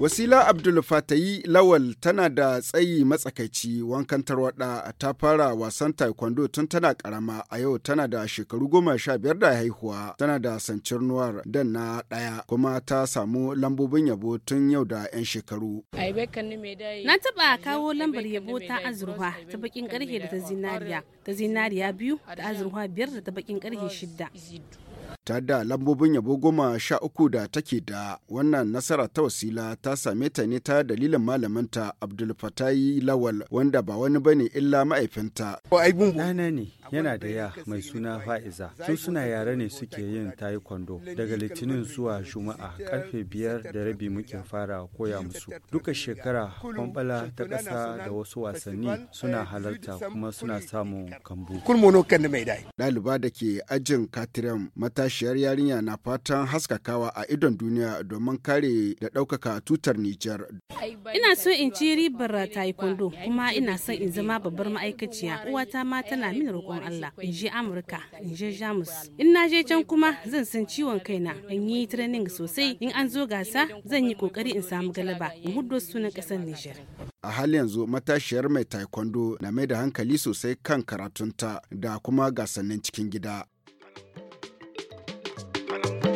Wasila Abdul Fatayi Lawal tana da tsayi matsakaici wankan tarwaɗa ta fara wasan taekwondo tun tana karama a yau tana da shekaru goma sha biyar da haihuwa tana da sancirnuwar dan na daya kuma ta samu lambobin yabo tun yau da 'yan shekaru. Na taba kawo lambar yabo ta azurfa ta bakin karhe da ta zinariya, ta zinariya biyu da azurfa biyar da ta bakin karhe shidda. ta da lambobin yabo goma sha uku da take da wannan nasara ta wasila ta same ta ne ta dalilin malaminta abdul fatayi lawal wanda ba wani bane illa ma'aifinta. ɗana ne yana da ya mai suna fa'iza sun suna yare ne suke yin taekwondo daga litinin zuwa juma'a karfe biyar da rabi muke fara koya musu duka shekara kwambala ta ƙasa da wasu wasanni suna halarta kuma suna samun kambu. ɗaliba da ke ajin katiram matashi matashiyar yarinya na fatan haskakawa a idon duniya domin kare da ɗaukaka tutar Nijar. Ina so in ci ribar taekwondo kuma ina son in zama babbar ma'aikaciya uwata ma tana min roƙon Allah in je Amurka in je Jamus. In na je can kuma zan san ciwon kaina in yi training sosai in an zo gasa zan yi kokari in samu galaba in huddo sunan ƙasar Nijar. a hali yanzu matashiyar mai taekwondo na mai da hankali sosai kan karatunta da kuma gasannin cikin gida. Thank you.